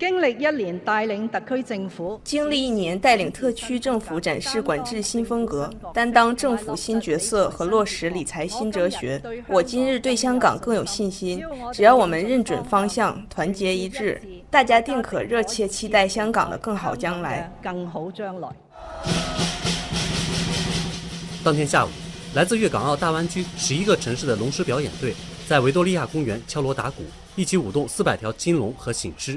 經歷一年帶領特區政府，經歷一年帶領特區政府展示管制新風格、擔當政府新角色和落實理財新哲學，我今日對香港更有信心，只要我們認準方向、團結一致，大家定可熱切期待香港的更好將來。更好將來。當天下午，來自粵港澳大灣區十一個城市的龍獅表演隊在維多利亞公園敲鑼打鼓，一起舞動四百條金龍和醒獅。